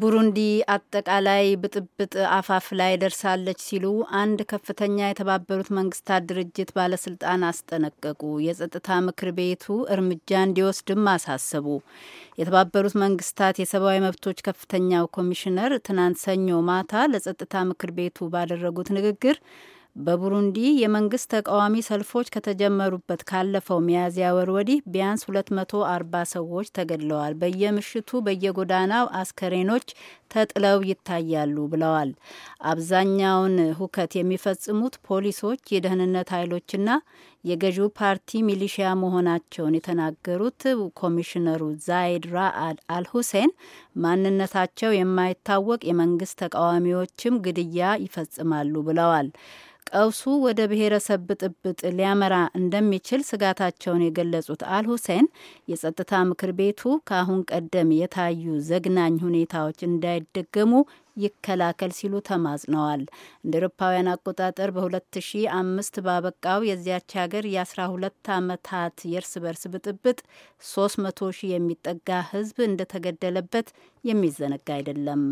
ቡሩንዲ አጠቃላይ ብጥብጥ አፋፍ ላይ ደርሳለች ሲሉ አንድ ከፍተኛ የተባበሩት መንግስታት ድርጅት ባለስልጣን አስጠነቀቁ። የጸጥታ ምክር ቤቱ እርምጃ እንዲወስድም አሳሰቡ። የተባበሩት መንግስታት የሰብአዊ መብቶች ከፍተኛው ኮሚሽነር ትናንት ሰኞ ማታ ለጸጥታ ምክር ቤቱ ባደረጉት ንግግር በቡሩንዲ የመንግስት ተቃዋሚ ሰልፎች ከተጀመሩበት ካለፈው ሚያዝያ ወር ወዲህ ቢያንስ 240 ሰዎች ተገድለዋል። በየምሽቱ በየጎዳናው አስከሬኖች ተጥለው ይታያሉ ብለዋል። አብዛኛውን ሁከት የሚፈጽሙት ፖሊሶች፣ የደህንነት ኃይሎችና የገዢው ፓርቲ ሚሊሺያ መሆናቸውን የተናገሩት ኮሚሽነሩ ዛይድ ራአድ አልሁሴን ማንነታቸው የማይታወቅ የመንግስት ተቃዋሚዎችም ግድያ ይፈጽማሉ ብለዋል። ቀውሱ ወደ ብሔረሰብ ብጥብጥ ሊያመራ እንደሚችል ስጋታቸውን የገለጹት አል ሁሴን የጸጥታ ምክር ቤቱ ከአሁን ቀደም የታዩ ዘግናኝ ሁኔታዎች እንዳይደገሙ ይከላከል ሲሉ ተማጽነዋል። እንደ አውሮፓውያን አቆጣጠር በ2005 ባበቃው የዚያች ሀገር የ12 ዓመታት የእርስ በርስ ብጥብጥ 300 ሺህ የሚጠጋ ሕዝብ እንደተገደለበት የሚዘነጋ አይደለም።